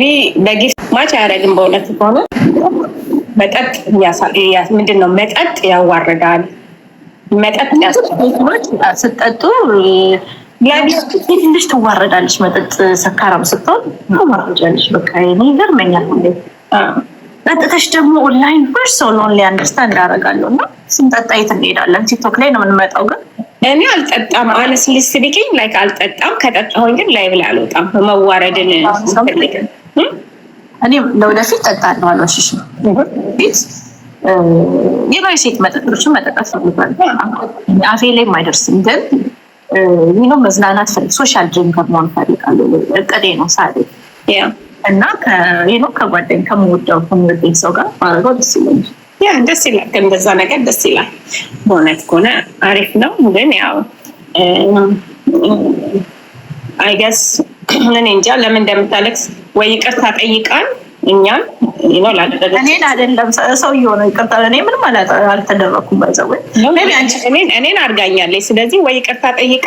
ቢ በጊፍት ማች አያደርግም። በእውነት ከሆነ መጠጥ ምንድን ነው መጠጥ ያዋርዳል። መጠጥ ስጠጡ ትንሽ ትዋረዳለች። መጠጥ ሰካራም ስትሆን ትዋረዳለች። በቃ እኔ ይገርመኛል። ጠጥተሽ ደግሞ ኦንላይን ፐርሶን ሎንሊ አንደርስታንድ ያደርጋለሁ እና ስንጠጣ የት እንሄዳለን? ቲክቶክ ላይ ነው የምንመጣው ግን እኔ አልጠጣም። አነስሊ ስቢቅኝ ላይ አልጠጣም። ከጠጣሁኝ ግን ላይ ብላ አልወጣም። መዋረድን እኔ ለወደፊት ጠጣለሁ። አልዋሽሽ ፊት የባይ ሴት መጠጦችን መጠጣት ፈልጓል። አፌ ላይም አይደርስም፣ ግን ይህ መዝናናት ፈልግ ሶሻል ድሪንከር መሆን ፈልጋለሁ። እቅዴ ነው ሳሌ እና ከጓደኝ ከምወደው ከምወደኝ ሰው ጋር ማድረገው ደስ ይለኛል። ያ ደስ ይላል። ግን በዛ ነገር ደስ ይላል። በእውነት ከሆነ አሪፍ ነው። ግን ያው አይገስ እኔ እንጃ ለምን እንደምታለቅስ ወይ ይቅርታ ጠይቃል እኛም ነው ላደረገ እኔን አይደለም ሰውዬው ነው ይቅርታ። እኔ ምንም አልተደረኩም። ባይዘወ እኔን አድርጋኛለች። ስለዚህ ወይ ይቅርታ ጠይቃ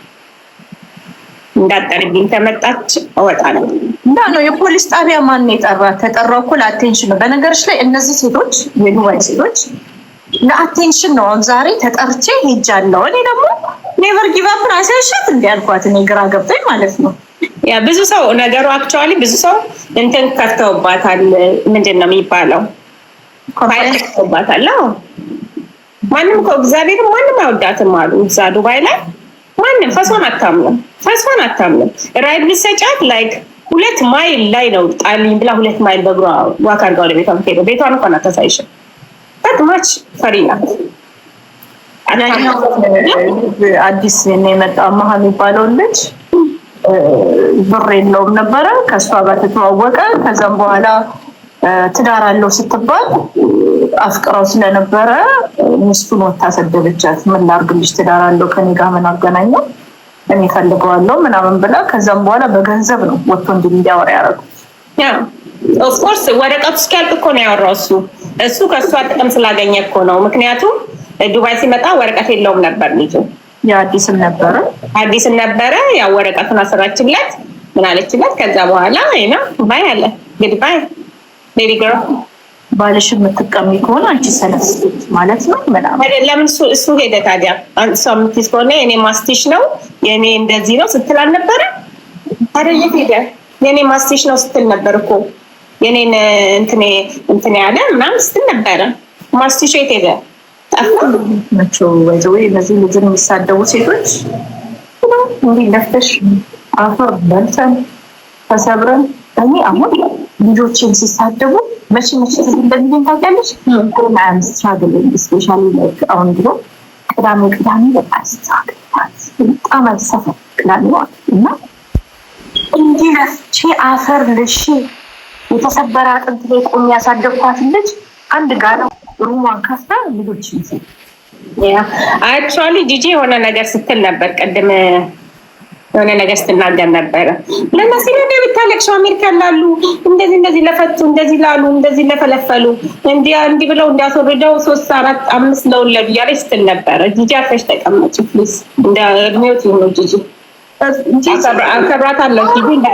እንዳጠርብኝ ከመጣች እወጣ ነው እንዳ ነው። የፖሊስ ጣቢያ ማን የጠራ? ተጠራው እኮ ለአቴንሽን ነው። በነገሮች ላይ እነዚህ ሴቶች የዱባይ ሴቶች ለአቴንሽን ነው። አሁን ዛሬ ተጠርቼ ሄጃለሁ። እኔ ደግሞ ኔቨር ጊቭ አፕ ራሴ እሸት እንዲያልኳት እኔ ግራ ገብቶኝ ማለት ነው። ያ ብዙ ሰው ነገሩ አክቹዋሊ ብዙ ሰው እንትን ከፍተውባታል። ምንድን ነው የሚባለው? ከፍተውባታል። ማንም እኮ እግዚአብሔር ማንም አይወዳትም አሉ እዛ ዱባይ ላይ ማንም ፈሶን አታምነው ተስፋን አታምነው። ራይድ ብሰጫት ላይክ ሁለት ማይል ላይ ነው ጣልኝ ብላ ሁለት ማይል በእግሯ ዋክ አድርጋ ወደ ቤቷ ሄደ። ቤቷን እንኳን አታሳይሽም። በጥማች ፈሪ ናት። አዲስ የመጣ መሀ የሚባለው ልጅ ብር የለውም ነበረ። ከእሷ ጋር ተተዋወቀ። ከዛም በኋላ ትዳር አለው ስትባል አፍቅረው ስለነበረ ሚስቱን ወታ ሰደበቻት። ምን ላድርግልሽ? ትዳር አለው ከኔ ጋር ምን አገናኘው? እኔ ፈልገዋለሁ ምናምን ብላ ከዛም በኋላ በገንዘብ ነው ወጥቶ እንዲያወራ ያደረጉ። ኦፍኮርስ ወረቀቱ እስኪያልቅ እኮ ነው ያወራው እሱ እሱ ከእሷ ጥቅም ስላገኘ እኮ ነው። ምክንያቱም ዱባይ ሲመጣ ወረቀት የለውም ነበር ልጁ የአዲስም ነበረ አዲስም ነበረ። ያው ወረቀቱን አሰራችለት ምናለችለት። ከዛ በኋላ ይና ባይ አለ ግድባይ ሌሊ ግርል ባልሽ የምትቀሚ ከሆነ አንቺ ሰነፍ ማለት ነው ምናምን። ለምን እሱ ሄደ ታዲያ? እሷ የምትይዝ ከሆነ የኔ ማስቲሽ ነው የኔ እንደዚህ ነው ስትል አልነበረ? ታዲያ የት ሄደ? የኔ ማስቲሽ ነው ስትል ነበር እኮ የኔን እንትኔ እንትን ያለ ምናምን ስትል ነበረ። ማስቲሽ የት ሄደ? ናቸው ወይዘዌ እነዚህ ልጅን የሚሳደቡ ሴቶች እንዲህ ነፍተሽ አፈር በልተን ተሰብረን እኔ አሁን ነው ልጆችን ሲሳደቡ መቼ መቼ እንደሚለኝ ታውቂያለሽ? ቁርአን ስትራግል ስፔሻሊ አሁን ድሮ ቅዳሜ ቅዳሜ በጣም ስትራግል በጣም አልሰፋ ቅዳሜ ዋ እና እንዲህ ለፍቼ አፈር ልሽ የተሰበረ አጥንት ላይ ቆሜ ያሳደግኳት ልጅ አንድ ጋር ሩሟን ከፍታ ልጆችን ሲ አክቹዋሊ ጂጂ የሆነ ነገር ስትል ነበር ቅድም የሆነ ነገር ስትናገር ነበረ ለና ሲሉ የምታለቅሸው አሜሪካን ላሉ እንደዚህ እንደዚህ ለፈቱ እንደዚህ ላሉ እንደዚህ ለፈለፈሉ እንዲህ ብለው እንዲያስወርደው ሶስት አራት አምስት ለወለዱ ያለች ስትል ነበረ። ጂጂ አርፈሽ ተቀመጭ ፕሊዝ። እንደ እድሜዎት የሆኑ ጂጂ አከብራታለሁ። ጂጂ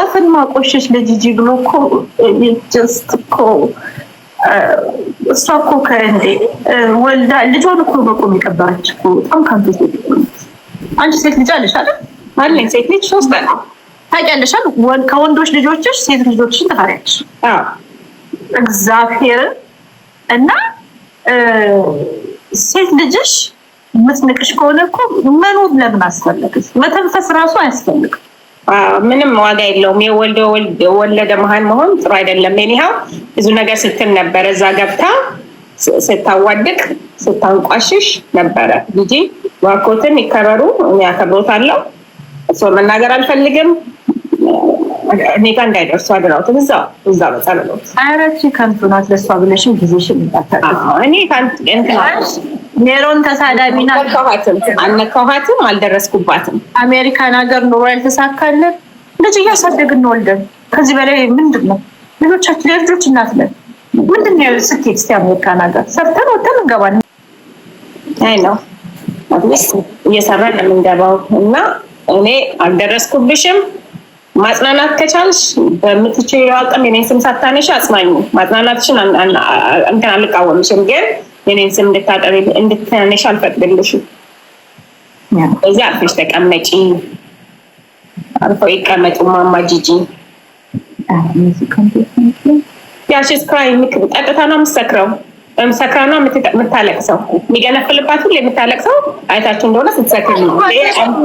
አፍን ማቆሸሽ ለጂጂ ብሎ እኮ ጀስት እኮ እሷ እኮ ከእንዴ ወልዳ ልጇን እኮ በቆም የቀበረች በጣም ካንተ ሴት አንቺ ሴት ልጅ አለሽ አይደል? አለኝ ሴት ልጅ ሶስት ነው። ታውቂያለሽ ከወንዶች ልጆችሽ ሴት ልጆችሽን ትፈሪያለሽ። እግዚአብሔርን እና ሴት ልጅሽ ምትንቅሽ ከሆነ እኮ መኖር ለምን አስፈልግሽ? መተንፈስ ራሱ አያስፈልግም። ምንም ዋጋ የለውም። የወልደ ወለደ መሀል መሆን ጥሩ አይደለም። ኒሃው ብዙ ነገር ስትል ነበረ እዛ ገብታ ስታዋድቅ ስታንቋሽሽ ነበረ። ልጅ ዋኮትን ይከበሩ፣ እኔ አከብሮታለሁ እሱን መናገር አልፈልግም። እኔ ጋ እንዳይደርሱ አድራውትን እዛ እዛ ነው አረቺ ከንቱ ናት። ለእሷ ብለሽም ጊዜሽን ተሳዳቢ ናት። አልነካኋትም፣ አልደረስኩባትም። አሜሪካን ሀገር ኑሮ ያልተሳካለን ልጅ እያሳደግን ወልደን ከዚህ በላይ ምንድን ነው ልጆቻችን ለልጆች እናት ነን። ምንድን ነው ስኬት? እስኪ አሜሪካን ሀገር ሰርተን ወተን እንገባለን። አይ ነው እየሰራን የምንገባው እና እኔ አልደረስኩብሽም። ማጽናናት ከቻልሽ በምትችይው አቅም የኔን ስም ሳታነሽ አጽናኙ። ማጽናናትሽን እንትን አልቃወምሽም፣ ግን የኔን ስም እንድታጠሪ እንድትነሽ አልፈቅድልሽም። እዚህ አርፈሽ ተቀመጪ። አርፎ ይቀመጡ ማማ ጂጂ ያሽስ ክራይ ምክ ጠጥታ ነው የምትሰክረው። ወይም ሰክራ ነው የምታለቅሰው። የሚገነፍልባት ሁሌ የምታለቅሰው አይታችሁ እንደሆነ ስትሰክር ነው።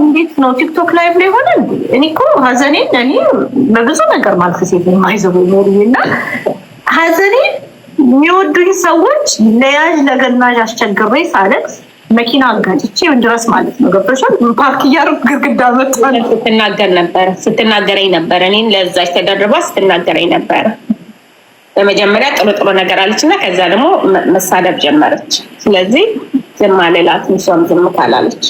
እንዴት ነው ቲክቶክ ላይቭ ላይ ሆነ? እኔ እኮ ሀዘኔን እኔ በብዙ ነገር ማለት ሴት ማይዘቡ እና ሀዘኔን የሚወዱኝ ሰዎች ለያዥ ለገናዥ አስቸግሬ ሳለቅስ መኪና አጋጭቼ ምንድረስ ማለት ነው። ገብቶሻል? ፓርክ እያደረኩ ግርግዳ መጥ ስትናገር ነበረ ስትናገረኝ ነበረ እኔን ለዛች ተደርባ ስትናገረኝ ነበረ በመጀመሪያ ጥሩ ጥሩ ነገር አለች እና ከዛ ደግሞ መሳደብ ጀመረች። ስለዚህ ዝም አልላት፣ እሷም ዝም ካላለች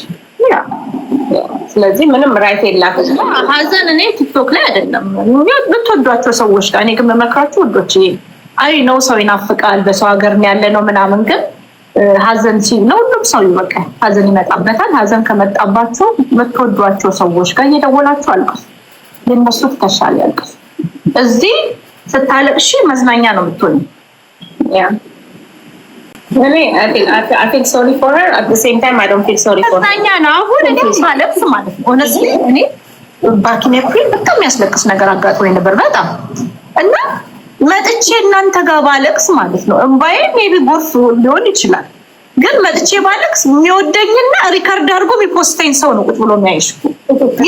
ስለዚህ ምንም ራይት የላት። ሀዘን እኔ ቲክቶክ ላይ አይደለም ምትወዷቸው ሰዎች ጋር እኔ ግን መመክራችሁ ወዶች አይ ነው ሰው ይናፍቃል፣ በሰው ሀገር ያለ ነው ምናምን ግን ሀዘን ሲል ነው ሁሉም ሰው ይበቃል። ሀዘን ይመጣበታል። ሀዘን ከመጣባቸው ምትወዷቸው ሰዎች ጋር እየደወላችሁ አልቅሱ። የነሱ ትከሻል ያልቅሱ። እዚህ ስታለቅሺ መዝናኛ ነው የምትሆኝ። መዝናኛ ነው። አሁን እኔ ማለት ነው እኔ ባኪን በጣም የሚያስለቅስ ነገር አጋጥሞኝ ነበር በጣም እና መጥቼ እናንተ ጋር ባለቅስ ማለት ነው እምባዬ ሜቢ ጎርፍ ሊሆን ይችላል ግን መጥቼ ባለቅስ የሚወደኝና ሪከርድ አድርጎ የሚፖስተኝ ሰው ነው ቁጭ ብሎ የሚያይሽ።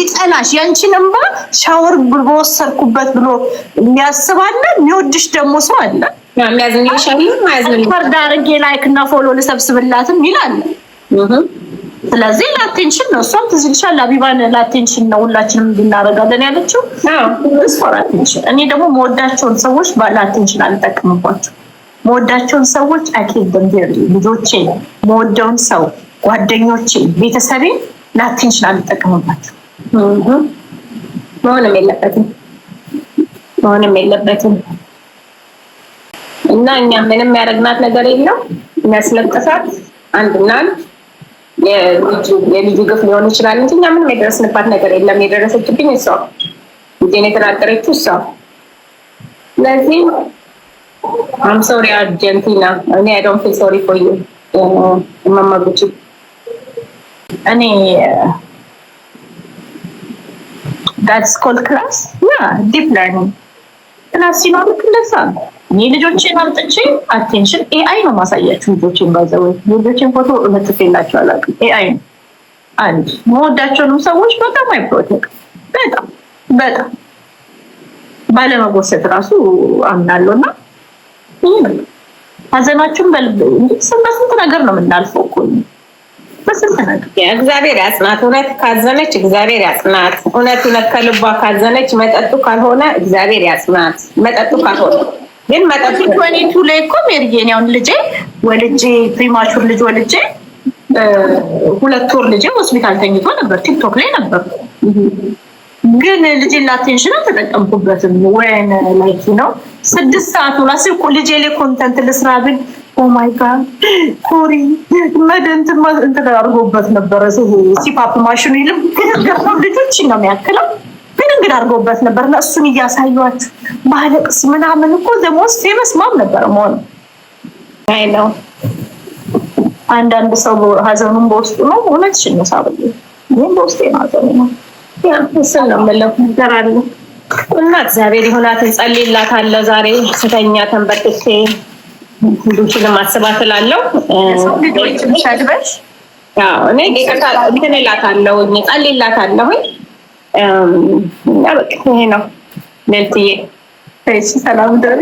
ይጠላሽ ያንቺን እንባ ሻወር በወሰድኩበት ብሎ የሚያስባለ የሚወድሽ ደግሞ ሰው አለ። ሪከርድ አድርጌ ላይክ እና ፎሎ ልሰብስብላትም ይላል። ስለዚህ ለአቴንሽን ነው። እሷም ትዝልሻል። አቢባን ለአቴንሽን ነው ሁላችንም እንድናረጋለን ያለችው። እኔ ደግሞ መወዳቸውን ሰዎች ለአቴንሽን አልጠቀምባቸው መወዳቸውን ሰዎች አኬት ልጆቼ፣ መወደውን ሰው፣ ጓደኞቼ፣ ቤተሰቤ ላቴንሽን አልጠቀምባቸው መሆንም የለበትም መሆንም የለበትም እና እኛ ምንም ያደረግናት ነገር የለው የሚያስለቅሳት አንድና የልጁ ግፍ ሊሆን ይችላል እንጂ እኛ ምንም የደረስንባት ነገር የለም። የደረሰችብኝ እሷ እጄን የተናገረችው እሷ ስለዚህ አም ሶሪ አርጀንቲና እኔ አይ ዶንት ፊል ሶሪ ፎር ዩ ማማጉቺ እኔ ዳትስ ኮልድ ክላስ ያ ዲፕ ለርኒንግ ክላስ ሲኖር እንደዛ እኔ ልጆችን አምጥቼ አቴንሽን ኤአይ ነው ማሳያችሁ። ልጆችን ባዘወ ልጆችን ፎቶ መጥቼላችሁ አላውቅም። ኤአይ ነው አንድ መወዳቸውንም ሰዎች በጣም አይፕሮቴክ በጣም በጣም ባለመጎሰት ራሱ አምናለሁና ሀዘናችን በስንት ነገር ነው የምናልፈው እኮ በስንት ነገር። እግዚአብሔር ያጽናት። እውነት ካዘነች እግዚአብሔር ያጽናት። እውነት እውነት ከልቧ ካዘነች መጠጡ ካልሆነ እግዚአብሔር ያጽናት። መጠጡ ካልሆነ ግን መጠጡ ወኔቱ ላይ እኮ ሜሪዬን ያውን ልጄ ወልጄ ፕሪማቹር ልጅ ወልጄ ሁለት ወር ልጄ ሆስፒታል ተኝቶ ነበር። ቲክቶክ ላይ ነበር ግን ልጄን ላቴንሽን አልተጠቀምኩበትም ወይን ላይኪ ነው ስድስት ሰዓት ነው ላስ ልጄ ላይ ኮንተንት ልስራ ብል ኦማይ ጋድ ኮሪ መደንት እንትን አድርጎበት ነበረ። ሲፓፕ ማሽኑ ይልም ገርነው ልጆች ነው የሚያክለው ግን እንግዲህ አድርገውበት ነበር እና እሱን እያሳዩት ባለቅስ ምናምን እኮ ዘሞስ ፌመስ ማም ነበረ መሆኑ አይ ነው። አንዳንድ ሰው ሀዘኑን በውስጡ ነው። እውነትሽን ነው ሳብዬ፣ ይህም በውስጤ ነው ሀዘኑ ነው ስል ነው የምለው ነገር አለ እና እግዚአብሔር ይሁናት እንጸልይላታለሁ። ዛሬ ስተኛ ተንበርክኬ ሁሉችንም አስባት እላለሁ። ልጆችሻድበሽ እኔ ጌታ እንትን እላታለሁ ይሄ ነው ሌልትዬ። ሰላም ደሪ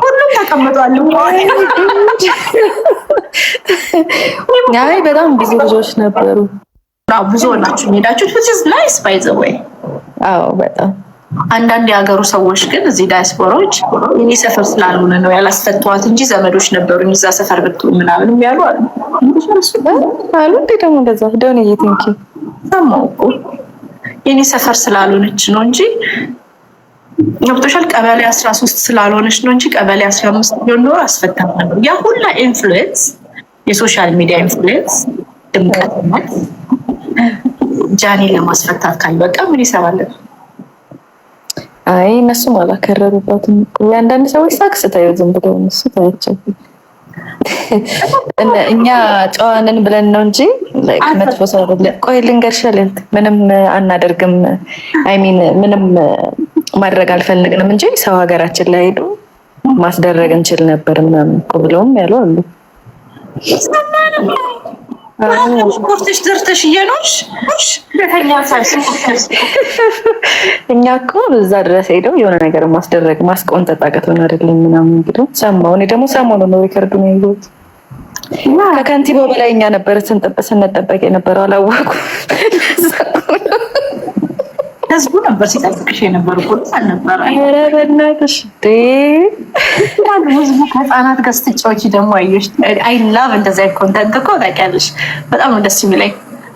ሁሉም ተቀምጧል። አይ በጣም ብዙ ልጆች ነበሩ። ብዙ ሆናችሁ ሄዳችሁት ዝ ናይስ ባይዘወይ አዎ በጣም አንዳንድ የሀገሩ ሰዎች ግን እዚህ ዳያስፖራዎች እኔ ሰፈር ስላልሆነ ነው ያላስፈተዋት እንጂ ዘመዶች ነበሩኝ እዛ ሰፈር ብት ምናምን የሚያሉ አሉ አሉ እንዴ ደግሞ እንደዛ ደሆነ የትንኪ ሰማሁ የኔ ሰፈር ስላልሆነች ነው እንጂ ገብቶሻል። ቀበሌ አስራ ሶስት ስላልሆነች ነው እንጂ ቀበሌ አስራ አምስት ቢሆን ኖሮ አስፈታማ ነው። ያ ሁላ ኢንፍሉዌንስ፣ የሶሻል ሚዲያ ኢንፍሉዌንስ ድምቀትነት ጃኔን ለማስፈታት በቃ ምን ይሰራለን? አይ እነሱም አላከረሩበትም። የአንዳንድ ሰዎች ሳክስ ታዩ፣ ዝም ብለው እነሱ ታያቸው። እኛ ጨዋንን ብለን ነው እንጂ መጥፎ ሰው አይደለም። ቆይ ልንገርሽ ምንም አናደርግም፣ አይሚን ምንም ማድረግ አልፈልግንም እንጂ ሰው ሀገራችን ላይ ሄዱ ማስደረግ እንችል ነበር ምናምን ብለውም ያሉ አሉ። ሽንኩርትሽ ዘርተሽ እየኖርሽ እኛ እኮ እዛ ድረስ ሄደው የሆነ ነገር ማስደረግ ማስቆንጠጥ አቅቶን አይደለም ምናምን እንግዲህ ሰማሁ። እኔ ደግሞ ሰሞኑን ነው ሪከርዱን ያየሁት። ከከንቲባው በላይ እኛ ነበር ስንጠበቅ ስንጠበቅ የነበረው አላወኩም። ህዝቡ ነበር ሲጠብቅሽ የነበሩ ፖሊስ አልነበረ። ኧረ በእናትሽ ህዝቡ ከህፃናት ጋር ስትጫወቺ ደግሞ አየሽ። አይ ላቭ እንደዚ ኮንተንት እኮ ታውቂያለሽ፣ በጣም ነው ደስ የሚለኝ።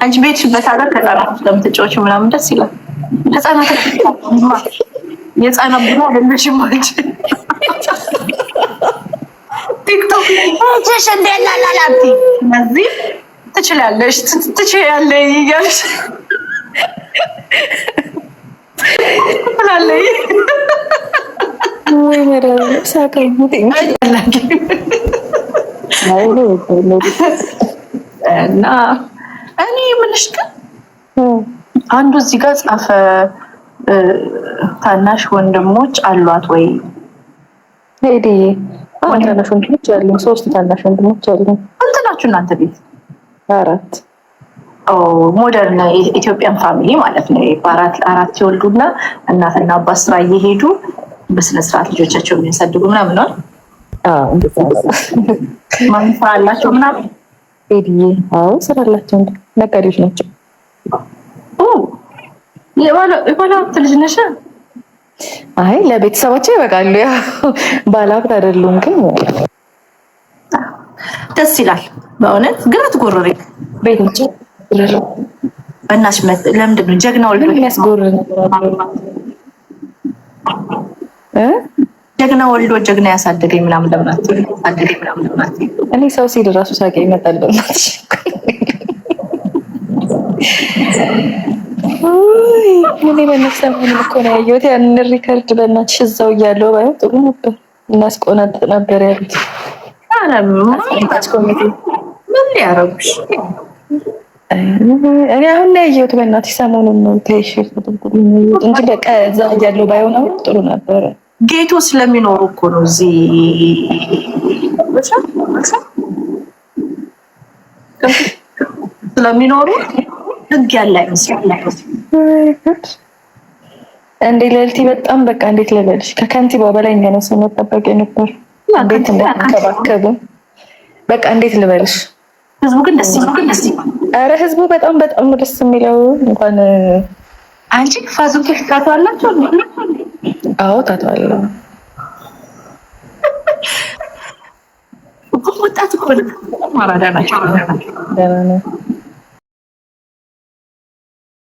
አንቺ በሄድሽበት ሀገር ከህፃናት ለምትጫወቺ ምናምን ደስ ይላል። ህፃናት የህፃናት ቡና አይደለሽም አንቺ ቲክቶክ ሽ እነዚህ ትችላለሽ ትችያለሽ እያልሽ እና እኔ የምልሽ ግን አንዱ እዚህ ጋር ጻፈ፣ ታናሽ ወንድሞች አሏት ወይ? ሄዲ ታናሽ ወንድሞች አሉ፣ ሶስት ታናሽ ወንድሞች አሉ። ስንት ናችሁ እናንተ ቤት? አራት ሞደርን የኢትዮጵያን ፋሚሊ ማለት ነው። አራት የወልዱና እናትና አባት ስራ እየሄዱ በስነስርዓት ልጆቻቸው የሚያሳድጉ ምናምን ነው። ማን ስራ አላቸው ምናምን ቤድዬ? አዎ ስራ አላቸው፣ ነጋዴዎች ናቸው። የባለ ሀብት ልጅ ነሽ? አይ ለቤተሰባቸው ይበቃሉ። ያው ባለ ሀብት አይደሉም ግን ደስ ይላል በእውነት ግራት ጎረሬ ቤት በእናትሽ ለምንድን ነው ጀግናው ጀግና ወልዶ ጀግና ያሳደገኝ ምናምን ለምናት እኔ ሰው ሲል ራሱ ሳቄ ይመጣል። እኔ በነፍሰ እኮ ነው ያየሁት ያንን ሪከርድ። በእናትሽ እዛው እያለሁ ባይሆን ጥሩ ነበር። ነበር ያሉት ምን ሊያረጉሽ እኔ አሁን ላይ ያየሁት በእናትሽ ሰሞኑን ነው። ተይሽ እንጂ በቃ እዛ ያለው ባይሆን አሁን ጥሩ ነበረ። ጌቶ ስለሚኖሩ እኮ ነው እዚህ ስለሚኖሩ ህግ ያለ አይመስላል። እንዴ ለልቲ በጣም በቃ እንዴት ልበልሽ፣ ከከንቲባው በላይ እኛ ነው ሰው መጠበቅ የነበር እንዴት እንደተንከባከቡ በቃ እንዴት ልበልሽ ህዝቡ ግን ደስ ይሉ ግን ደስ ይሉ። ኧረ ህዝቡ በጣም በጣም ደስ የሚለው እንኳን አንቺ ፋዙ ታቶ አላቸው። አዎ ታቶ አለ። ወጣት እኮ አራዳ ናቸው። ደህና ነው